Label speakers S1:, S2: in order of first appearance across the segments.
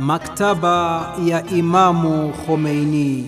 S1: Maktaba ya Imamu Khomeini.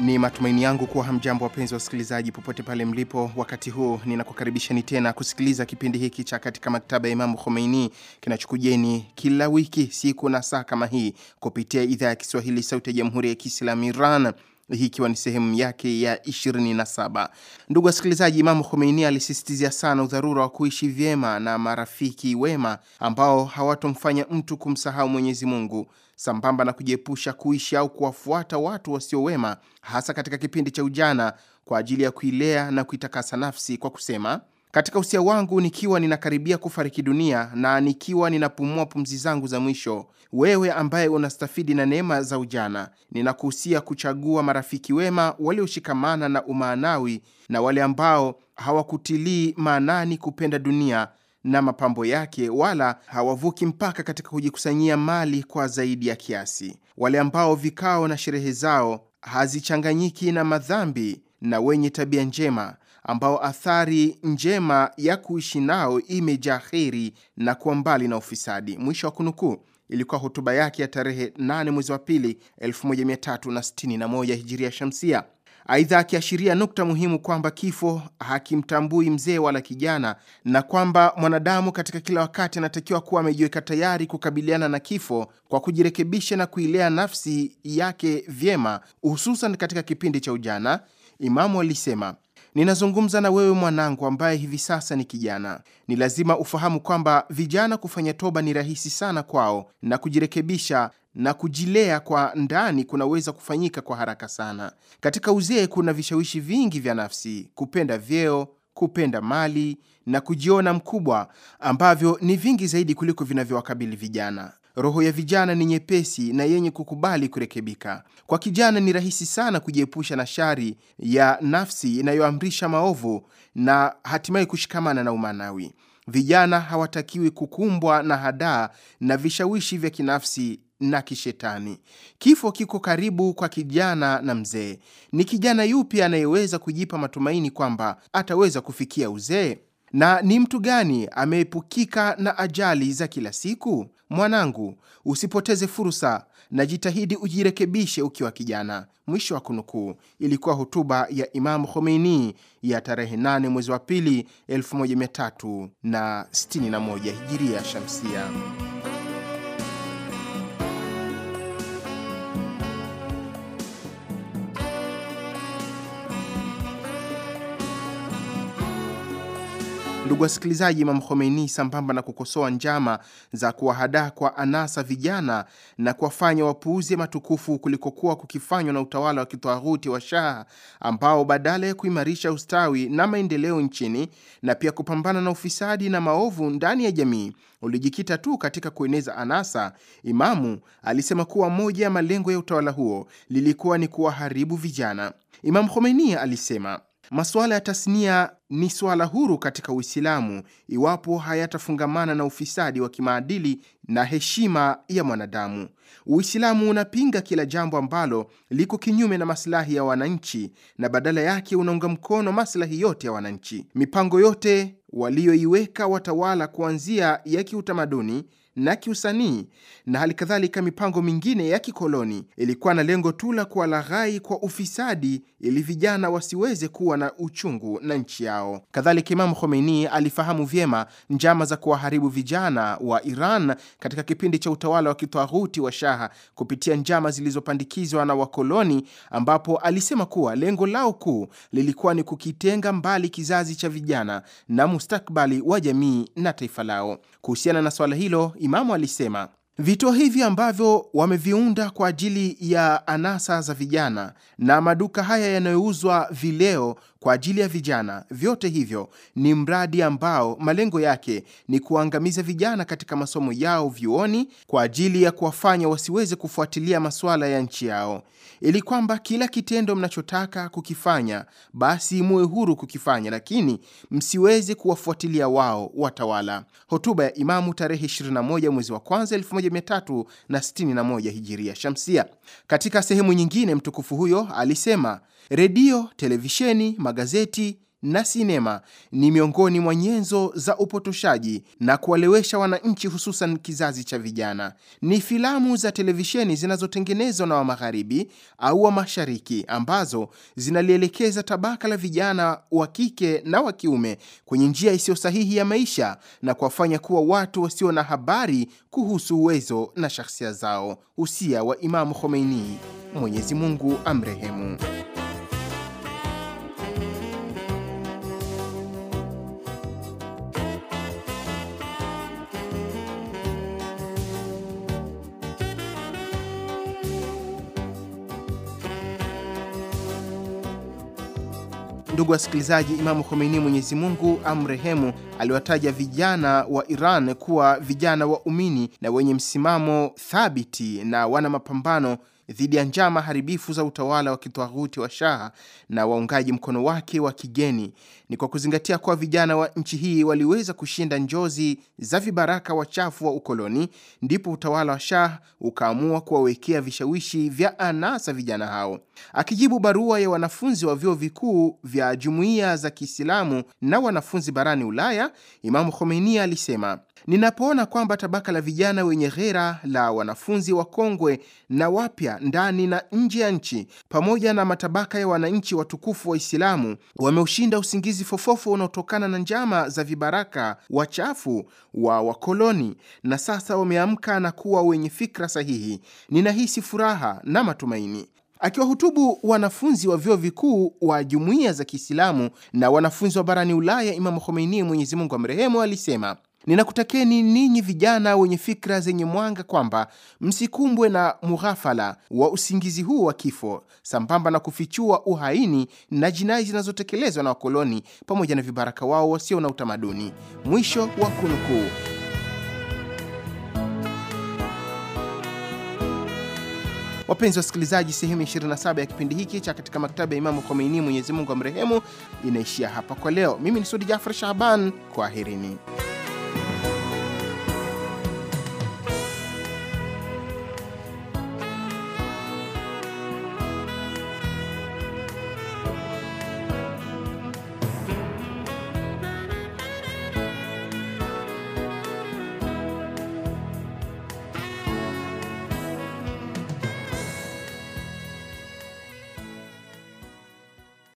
S1: Ni matumaini yangu kuwa hamjambo wapenzi wa wasikilizaji, popote pale mlipo. Wakati huu ninakukaribishani tena kusikiliza kipindi hiki cha katika maktaba ya Imamu Khomeini kinachokujeni kila wiki siku na saa kama hii kupitia idhaa ya Kiswahili, Sauti ya Jamhuri ya Kiislamu Iran hii ikiwa ni sehemu yake ya 27. Ndugu wasikilizaji, Imamu Khomeini alisisitizia sana udharura wa kuishi vyema na marafiki wema ambao hawatomfanya mtu kumsahau Mwenyezi Mungu sambamba na kujiepusha kuishi au kuwafuata watu wasio wema, hasa katika kipindi cha ujana, kwa ajili ya kuilea na kuitakasa nafsi kwa kusema katika usia wangu nikiwa ninakaribia kufariki dunia na nikiwa ninapumua pumzi zangu za mwisho, wewe ambaye unastafidi na neema za ujana, ninakuhusia kuchagua marafiki wema walioshikamana na umaanawi na wale ambao hawakutilii maanani kupenda dunia na mapambo yake, wala hawavuki mpaka katika kujikusanyia mali kwa zaidi ya kiasi, wale ambao vikao na sherehe zao hazichanganyiki na madhambi na wenye tabia njema ambao athari njema ya kuishi nao imejaa heri na kuwa mbali na ufisadi. Mwisho wa kunukuu. Ilikuwa hotuba yake ya tarehe 8 mwezi wa pili 1361 hijiria shamsia. Aidha, akiashiria nukta muhimu kwamba kifo hakimtambui mzee wala kijana, na kwamba mwanadamu katika kila wakati anatakiwa kuwa amejiweka tayari kukabiliana na kifo kwa kujirekebisha na kuilea nafsi yake vyema, hususan katika kipindi cha ujana. Imamu alisema Ninazungumza na wewe mwanangu, ambaye hivi sasa ni kijana. Ni lazima ufahamu kwamba vijana kufanya toba ni rahisi sana kwao, na kujirekebisha na kujilea kwa ndani kunaweza kufanyika kwa haraka sana. Katika uzee kuna vishawishi vingi vya nafsi, kupenda vyeo, kupenda mali na kujiona mkubwa ambavyo ni vingi zaidi kuliko vinavyowakabili vijana. Roho ya vijana ni nyepesi na yenye kukubali kurekebika. Kwa kijana ni rahisi sana kujiepusha na shari ya nafsi inayoamrisha maovu na hatimaye kushikamana na umanawi. Vijana hawatakiwi kukumbwa na hadaa na vishawishi vya kinafsi na kishetani. Kifo kiko karibu kwa kijana na mzee. Ni kijana yupi anayeweza kujipa matumaini kwamba ataweza kufikia uzee? Na ni mtu gani ameepukika na ajali za kila siku? Mwanangu, usipoteze fursa na jitahidi ujirekebishe ukiwa kijana. Mwisho wa kunukuu. Ilikuwa hotuba ya Imamu Khomeini ya tarehe 8 mwezi wa pili 1361 hijiria shamsia. Ndugu wasikilizaji, Imam Khomeini sambamba na kukosoa njama za kuwahadaa kwa anasa vijana na kuwafanya wapuuzi matukufu kulikokuwa kukifanywa na utawala wa kitwaghuti wa shaha ambao badala ya kuimarisha ustawi na maendeleo nchini na pia kupambana na ufisadi na maovu ndani ya jamii ulijikita tu katika kueneza anasa, Imamu alisema kuwa moja ya malengo ya utawala huo lilikuwa ni kuwaharibu vijana. Imam Khomeini alisema Masuala ya tasnia ni swala huru katika Uislamu iwapo hayatafungamana na ufisadi wa kimaadili na heshima ya mwanadamu. Uislamu unapinga kila jambo ambalo liko kinyume na masilahi ya wananchi na badala yake unaunga mkono masilahi yote ya wananchi. Mipango yote walioiweka watawala kuanzia ya kiutamaduni na kiusanii na hali kadhalika mipango mingine ya kikoloni ilikuwa na lengo tu la kuwalaghai kwa ufisadi ili vijana wasiweze kuwa na uchungu na nchi yao. Kadhalika, Imamu Khomeini alifahamu vyema njama za kuwaharibu vijana wa Iran katika kipindi cha utawala wa kitwaghuti wa shaha kupitia njama zilizopandikizwa na wakoloni, ambapo alisema kuwa lengo lao kuu lilikuwa ni kukitenga mbali kizazi cha vijana na mustakbali wa jamii na taifa lao. Kuhusiana na swala hilo, Imamu alisema vituo hivi ambavyo wameviunda kwa ajili ya anasa za vijana na maduka haya yanayouzwa vileo kwa ajili ya vijana. Vyote hivyo ni mradi ambao malengo yake ni kuangamiza vijana katika masomo yao vyuoni kwa ajili ya kuwafanya wasiweze kufuatilia masuala ya nchi yao, ili kwamba kila kitendo mnachotaka kukifanya basi muwe huru kukifanya, lakini msiweze kuwafuatilia wao watawala. Hotuba ya Imamu tarehe 21 mwezi wa kwanza 1361 hijiria shamsia. Katika sehemu nyingine mtukufu huyo alisema redio, televisheni magazeti na sinema ni miongoni mwa nyenzo za upotoshaji na kuwalewesha wananchi, hususan kizazi cha vijana. Ni filamu za televisheni zinazotengenezwa na wa magharibi au wa mashariki ambazo zinalielekeza tabaka la vijana wa kike na wa kiume kwenye njia isiyo sahihi ya maisha na kuwafanya kuwa watu wasio na habari kuhusu uwezo na shahsia zao. Usia wa Imamu Khomeini, Mwenyezi Mungu amrehemu. Ndugu wasikilizaji, Imamu Khomeini, Mwenyezi Mungu amrehemu, aliwataja vijana wa Iran kuwa vijana waumini na wenye msimamo thabiti na wana mapambano dhidi ya njama haribifu za utawala wa kitwaghuti wa shaha na waungaji mkono wake wa kigeni ni kwa kuzingatia kuwa vijana wa nchi hii waliweza kushinda njozi za vibaraka wachafu wa ukoloni, ndipo utawala wa shaha ukaamua kuwawekea vishawishi vya anasa vijana hao. Akijibu barua ya wanafunzi wa vyuo vikuu vya jumuiya za Kiislamu na wanafunzi barani Ulaya, Imamu Khomeini alisema Ninapoona kwamba tabaka la vijana wenye ghera la wanafunzi wakongwe na wapya ndani na nje ya nchi pamoja na matabaka ya wananchi watukufu islamu wameushinda usingizi fofofo unaotokana na njama za vibaraka wachafu wa wakoloni, na sasa wameamka na kuwa wenye fikra sahihi. Ninahisi furaha na matumaini. Akiwahutubu wanafunzi wa vyuo vikuu wa jumuiya za Kiislamu na wanafunzi wa barani Ulaya, Imamu Khomeini, Mwenyezi Mungu amrehemu, alisema: Ninakutakeni ninyi vijana wenye fikra zenye mwanga kwamba msikumbwe na mughafala wa usingizi huu wa kifo, sambamba na kufichua uhaini na jinai zinazotekelezwa na wakoloni pamoja na vibaraka wao wasio na utamaduni. Mwisho wa kunukuu. Wapenzi wa wasikilizaji, sehemu ya 27 ya kipindi hiki cha katika maktaba ya Imamu Khomeini, Mwenyezi Mungu amrehemu, inaishia hapa kwa leo. Mimi ni Sudi Jafar kwa kwaherini.